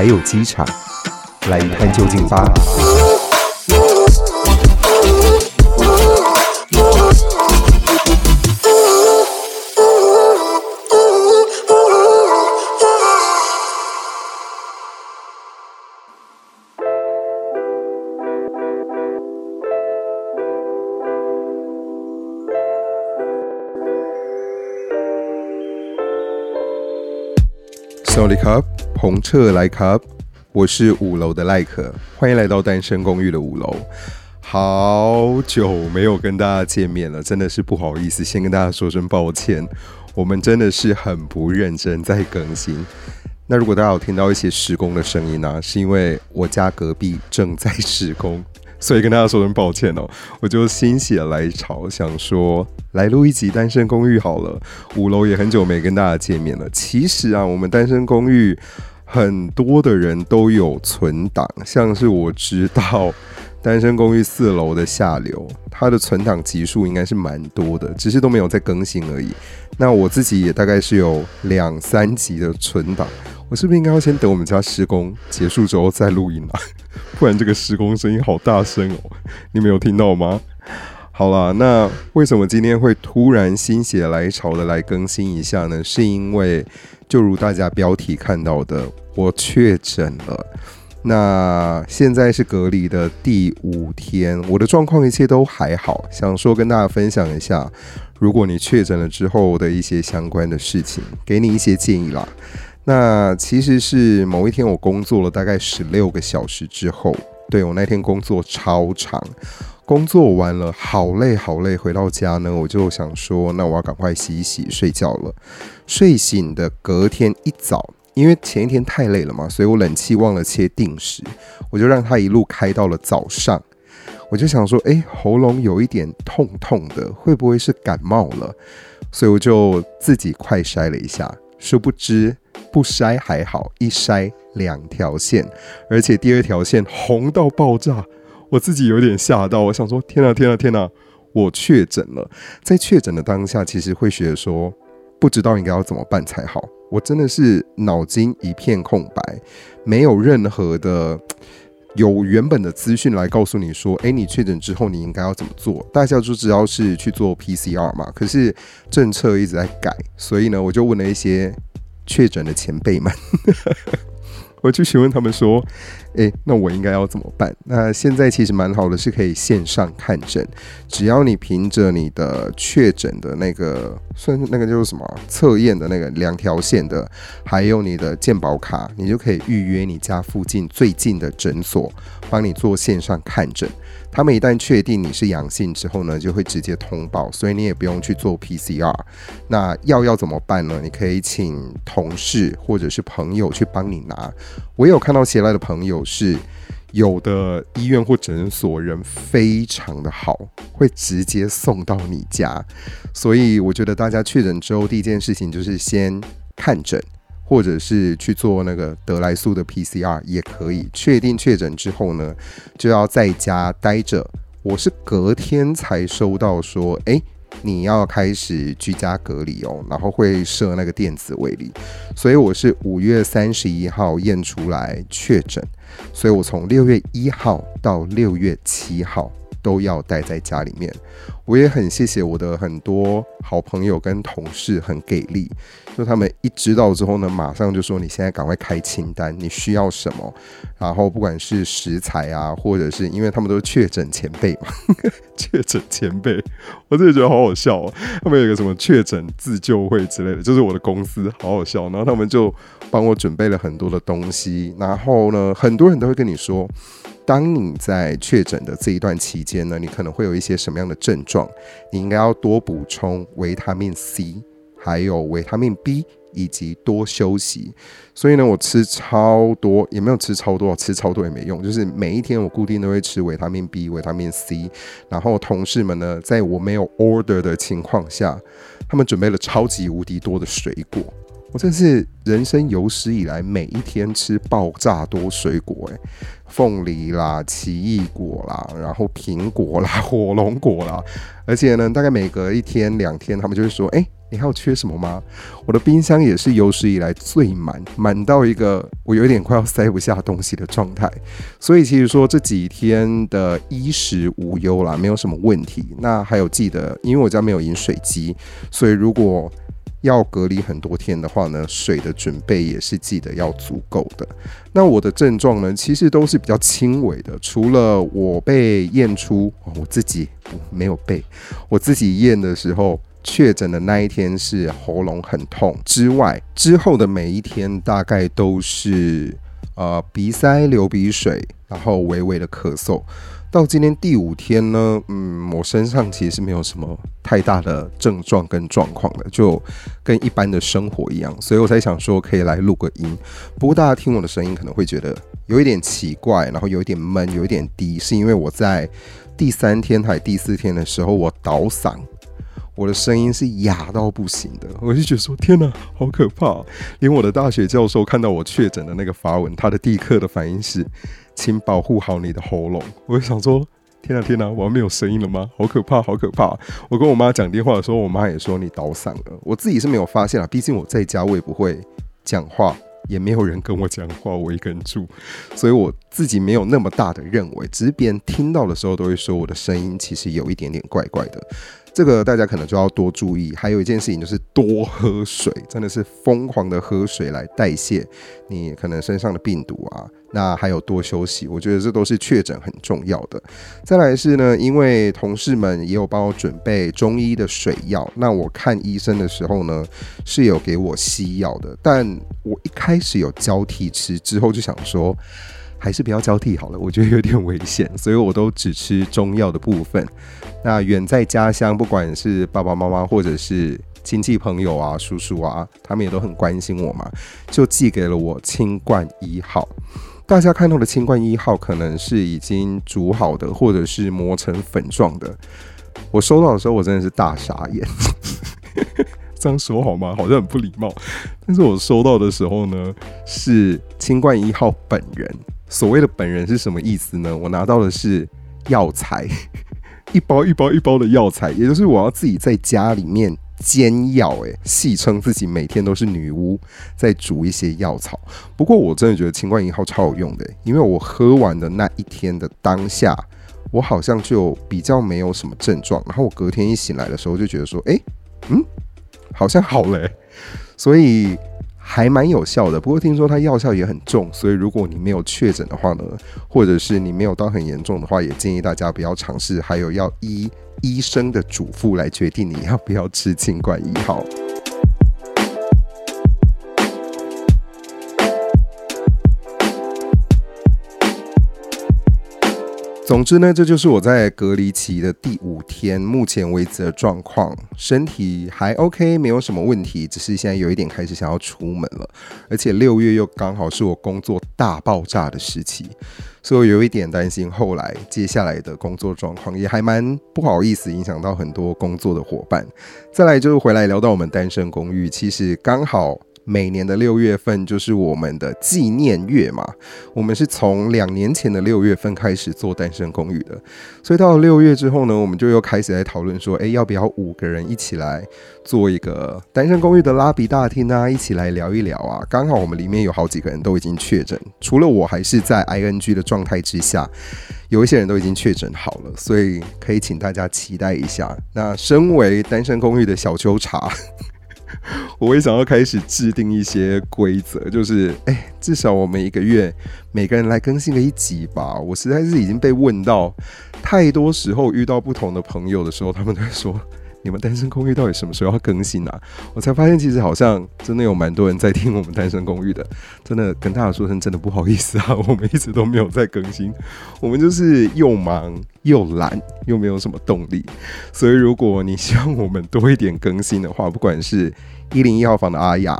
還有機場，來一探究竟吧。s o n y Cup，彭徹來 Cup，我是五樓的賴可，歡迎來到單身公寓的五樓。好久沒有跟大家見面了，真的是不好意思，先跟大家說聲抱歉。我們真的是很不認真在更新。那如果大家有聽到一些施工的聲音呢、啊，是因為我家隔壁正在施工。所以跟大家說聲抱歉哦，我就心血來潮想說來錄一集《單聲公寓》好了。五樓也很久沒跟大家見面了。其實啊，我們《單聲公寓》很多的人都有存檔，像是我知道《單聲公寓》四樓的下流，它的存檔集數應該是蠻多的，只是都沒有在更新而已。那我自己也大概是有兩三集的存檔。我是不是應該要先等我們家施工結束之後再錄音啊？ 不然這個施工聲音好大聲哦，你沒有聽到嗎？好啦，那為什麼今天會突然心血來潮的來更新一下呢？是因為就如大家標題看到的，我確診了。那現在是隔離的第五天，我的狀況一切都還好，想說跟大家分享一下，如果你確診了之後的一些相關的事情，給你一些建議啦。那其實是某一天我工作了大概十六個小時之後，對，我那天工作超長，工作完了好累好累，回到家呢，我就想說，那我要趕快洗一洗睡覺了。睡醒的隔天一早，因為前一天太累了嘛，所以我冷氣忘了切定時，我就讓它一路開到了早上。我就想說，誒、欸，喉嚨有一點痛痛的，會不會是感冒了？所以我就自己快篩了一下，殊不知，不篩還好，一篩兩條線，而且第二條線紅到爆炸，我自己有點嚇到。我想說，天啊天啊天啊，我確診了！在確診的當下，其實會覺得說，不知道應該要怎麼辦才好。我真的是腦筋一片空白，沒有任何的有原本的資訊來告訴你說，誒，你確診之後你應該要怎麼做？大家都知道是去做 PCR 嘛，可是政策一直在改，所以呢，我就問了一些。確診的前輩們， 我就詢問他們說：“誒，那我應該要怎麼辦？那現在其實蠻好的，是可以線上看診。只要你憑着你的確診的那個，算那個就是什麼測驗的那個兩條線的，還有你的健保卡，你就可以預約你家附近最近的診所，幫你做線上看診。”他們一旦確定你是陽性之後呢，就會直接通報，所以你也不用去做 PCR。那藥要，要怎麼辦呢？你可以請同事或者是朋友去幫你拿。我有看到協來的朋友是有的醫院或診所人非常的好，會直接送到你家。所以我覺得大家確診之後，第一件事情就是先看診。或者是去做那個得來速的 PCR 也可以。確定確診之後呢，就要在家待着。我是隔天才收到說，哎、欸，你要開始居家隔離哦、喔，然後會設那個電子圍籬。所以我是五月三十一號驗出來確診，所以我從六月一號到六月七號。都要待在家裡面，我也很謝謝我的很多好朋友跟同事很給力，就他們一知道之後呢，馬上就說你現在趕快開清單，你需要什麼？然後不管是食材啊，或者是因為他們都是確診前輩嘛，確診前輩，我真的覺得好好笑哦。他們有個什麼確診自救會之類的，就是我的公司，好好笑。然後他們就幫我準備了很多的東西，然後呢，很多人都會跟你說。當你在確診的這一段期間呢，你可能會有一些什麼樣的症狀？你應該要多補充維他命 C，還有維他命 B，以及多休息。所以呢，我吃超多。也沒有吃超多，吃超多也沒用。就是每一天我固定都會吃維他命 B、維他命 C，然後同事們呢，在我沒有 order 的情況下，他們準備了超級無敵多的水果。我真是人生有史以來每一天吃爆炸多水果誒、欸，鳳梨啦、奇異果啦，然後蘋果啦、火龍果啦，而且呢，大概每隔一天兩天，他們就會說：“哎、欸，你還有缺什麼嗎？”我的冰箱也是有史以來最滿滿到一個，我有點快要塞不下東西的狀態。所以其實說這幾天的衣食無憂啦，沒有什麼問題。那還有記得，因為我家沒有飲水機，所以如果，要隔離很多天的話呢，水的準備也是記得要足夠的。那我的症狀呢，其實都是比較輕微的，除了我被驗出我自己沒有被，我自己驗的時候確診的那一天是喉嚨很痛之外，之後的每一天大概都是。呃，鼻塞、流鼻水，然後微微的咳嗽。到今天第五天呢，嗯，我身上其實是沒有什麼太大的症狀跟狀況的，就跟一般的生活一樣。所以我才想說可以來錄個音。不過大家聽我的聲音可能會覺得有一點奇怪，然後有一點悶，有一點低，是因為我在第三天還是第四天的時候我倒嗓。我的聲音是啞到不行的，我就覺得說天哪，好可怕啊！連我的大學教授看到我確診的那個發文，他的第一刻的反應是，請保護好你的喉嚨。我就想說，天哪，天哪，我要沒有聲音了嗎？好可怕，好可怕！我跟我媽講電話的時候，我媽也說你倒嗓了。我自己是沒有發現啊，畢竟我在家，我也不會講話，也沒有人跟我講話，我一個人住，所以我自己沒有那麼大的認為，只是別人聽到的時候都會說我的聲音其實有一點點怪怪的。這個大家可能就要多注意，還有一件事情就是多喝水，真的是瘋狂的喝水來代謝你可能身上的病毒啊。那還有多休息，我覺得這都是確診很重要的。再來是呢，因為同事們也有幫我準備中醫的水藥，那我看醫生的時候呢是有給我西藥的，但我一開始有交替吃之後就想說。還是不要交替好了，我覺得有點危險，所以我都只吃中藥的部分。那遠在家鄉，不管是爸爸媽媽或者是親戚朋友啊、叔叔啊，他們也都很關心我嘛，就寄給了我清冠一號。大家看到的清冠一號，可能是已經煮好的，或者是磨成粉狀的。我收到的時候，我真的是大傻眼。 這樣說好嗎？好像很不禮貌。但是我收到的時候呢，是清冠一號本人。所謂的本人是什麼意思呢？我拿到的是藥材， 一包一包一包的藥材，也就是我要自己在家裡面煎藥、欸。哎，戲稱自己每天都是女巫在煮一些藥草。不過我真的覺得清冠一號超有用的、欸，因為我喝完的那一天的當下，我好像就比較沒有什麼症狀。然後我隔天一醒來的時候，就覺得說，哎、欸，嗯，好像好嘞、欸。所以。還蠻有效的，不過聽說它藥效也很重，所以如果你沒有確診的話呢，或者是你沒有到很嚴重的話，也建議大家不要嘗試，還有要依醫，醫生的囑咐來決定你要不要吃清冠一號。總之呢，這就是我在隔離期的第五天，目前為止的狀況，身體還 OK，沒有什麼問題，只是現在有一點開始想要出門了，而且六月又剛好是我工作大爆炸的時期，所以我有一點擔心後來接下來的工作狀況，也還蠻不好意思影響到很多工作的夥伴。再來就是回來聊到我們單聲公寓，其實剛好。每年的六月份就是我們的紀念月嘛。我們是從兩年前的六月份開始做單聲公寓的,所以到了六月之後呢，我們就又開始在討論說，誒，要不要五個人一起來做一個單聲公寓的拉比大廳啊，一起來聊一聊啊。剛好我們裡面有好幾個人都已經確診，除了我還是在 ING 的狀態之下，有一些人都已經確診好了，所以可以請大家期待一下。那身為單聲公寓的小秋茶，我也想要開始制定一些規則，就是，哎、欸，至少我們一個月每個人來更新個一集吧。我實在是已經被問到太多時候，遇到不同的朋友的時候，他們都會說。你們單聲公寓到底什麼時候要更新啊？我才發現，其實好像真的有蠻多人在聽我們單聲公寓的，真的跟大家說聲真的不好意思啊，我們一直都沒有在更新，我們就是又忙又懶又沒有什麼動力，所以如果你希望我們多一點更新的話，不管是一零一號房的阿雅，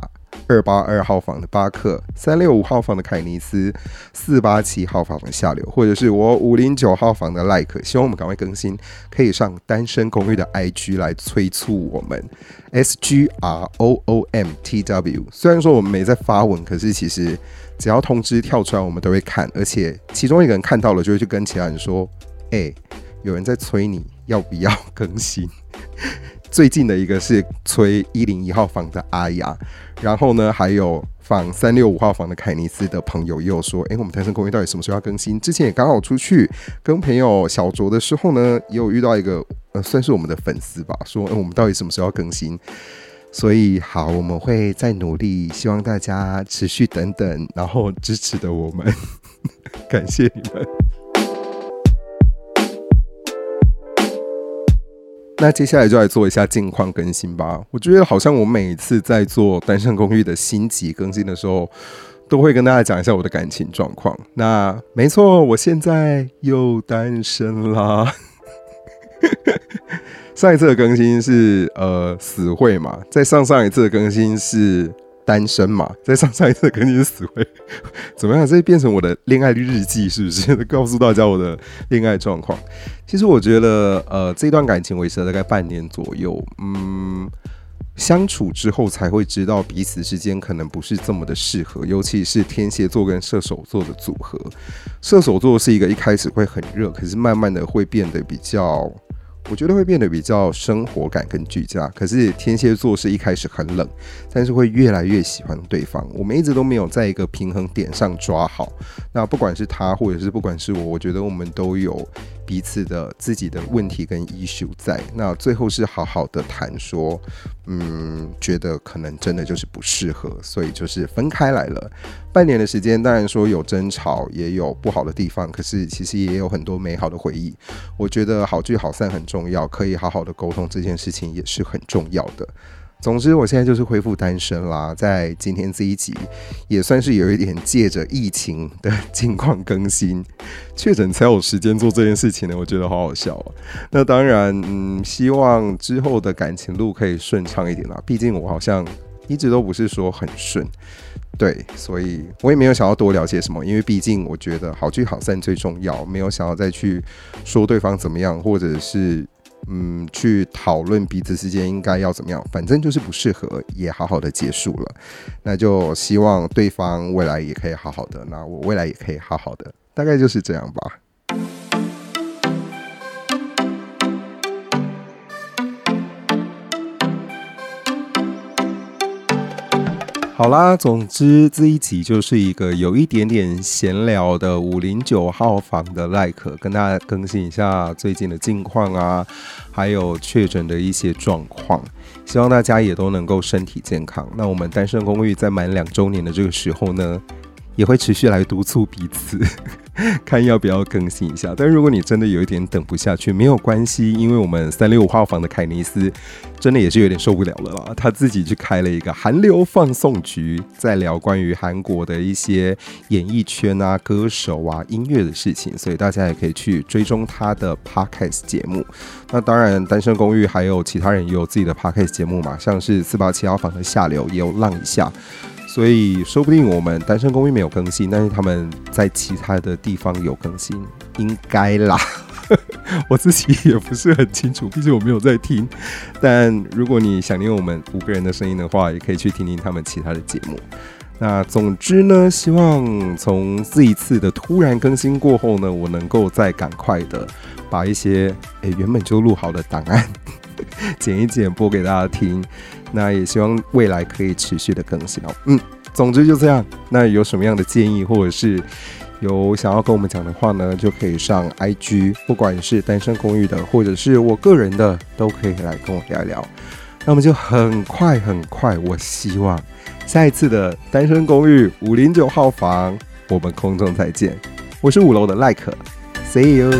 二八二號房的巴克，三六五號房的凱尼斯，四八七號房的下流，或者是我五零九號房的賴可。希望我們趕快更新，可以上單聲公寓的 IG 來催促我們。S G R O O M T W。雖然說我們沒在發文，可是其實只要通知跳出來，我們都會看。而且其中一個人看到了，就會去跟其他人說：“哎、欸，有人在催你，要不要更新？”最近的一個是催一零一號房的阿雅，然後呢，還有房三六五號房的凱尼斯的朋友也有說，哎、欸，我們單聲公寓到底什麼時候要更新？之前也剛好出去跟朋友小酌的時候呢，也有遇到一個呃，算是我們的粉絲吧，說，哎、呃，我們到底什麼時候要更新？所以好，我們會再努力，希望大家持續等等，然後支持的我們， 感謝你們。那接下來就來做一下近況更新吧。我覺得好像我每次在做《單聲公寓》的新集更新的時候，都會跟大家講一下我的感情狀況。那沒錯，我現在又單身啦。 上一次的更新是呃死會嘛？再上上一次的更新是。單身嘛，再上上一次肯定是死灰。怎麼樣？這變成我的戀愛日記是不是？告訴大家我的戀愛狀況。其實我覺得，呃，這段感情維持了大概半年左右。嗯，相處之後才會知道彼此之間可能不是這麼的適合，尤其是天蠍座跟射手座的組合。射手座是一個一開始會很熱，可是慢慢的會變得比較。我覺得會變得比較生活感跟居家，可是天蠍座是一開始很冷，但是會越來越喜歡對方。我們一直都沒有在一個平衡點上抓好。那不管是他，或者是不管是我，我覺得我們都有。彼此的自己的問題跟 issue 在那，最後是好好的談說，嗯，覺得可能真的就是不適合，所以就是分開來了。半年的時間，當然說有爭吵，也有不好的地方，可是其實也有很多美好的回憶。我覺得好聚好散很重要，可以好好的溝通這件事情也是很重要的。總之，我現在就是恢復單身啦。在今天這一集，也算是有一點借着疫情的近況更新，確診才有時間做這件事情呢、欸。我覺得好好笑啊。那當然，嗯、希望之後的感情路可以順暢一點啦。畢竟我好像一直都不是說很順，對，所以我也沒有想要多聊些什麼，因為畢竟我覺得好聚好散最重要，沒有想要再去說對方怎麼樣，或者是。嗯，去討論彼此之間應該要怎麼樣，反正就是不適合，也好好的結束了。那就希望對方未來也可以好好的，那我未來也可以好好的，大概就是這樣吧。好啦，總之這一集就是一個有一點點閒聊的五零九號房的賴可。跟大家更新一下最近的近況啊，還有確診的一些狀況，希望大家也都能夠身體健康。那我們單聲公寓在滿兩週年的這個時候呢，也會持續來督促彼此，看要不要更新一下。但如果你真的有一點等不下去，沒有關係，因為我們三六五號房的凱尼斯，真的也是有點受不了了啦，他自己去開了一個韓流放送局，在聊關於韓國的一些演藝圈啊、歌手啊、音樂的事情，所以大家也可以去追蹤他的 podcast 節目。那當然，單聲公寓還有其他人也有自己的 podcast 節目嘛，像是四八七號房的《下流也有浪一下》。所以，說不定我們單聲公寓沒有更新，但是他們在其他的地方有更新，應該啦。 我自己也不是很清楚，畢竟我沒有在聽。但如果你想念我們五個人的聲音的話，也可以去聽聽他們其他的節目。那總之呢，希望從這一次的突然更新過後呢，我能夠再趕快的把一些誒原本就錄好的檔案剪一剪，播給大家聽。那也希望未來可以持續的更新哦。嗯，總之就這樣。那有什麼樣的建議，或者是有想要跟我們講的話呢，就可以上 IG，不管是單聲公寓的，或者是我個人的，都可以來跟我聊一聊。那麼就很快很快，我希望下一次的單聲公寓五零九號房，我們空中再見。我是五樓的賴可，See you。